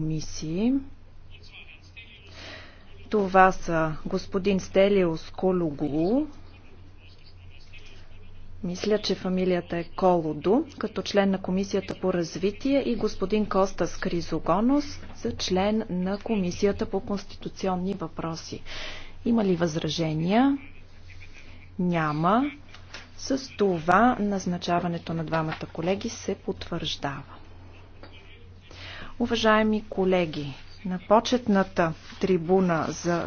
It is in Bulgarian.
комисии. Това са господин Стелиос Кологу, Мисля, че фамилията е Колодо, като член на Комисията по развитие и господин Костас Кризогонос за член на Комисията по конституционни въпроси. Има ли възражения? Няма. С това назначаването на двамата колеги се потвърждава. Уважаеми колеги, на почетната трибуна за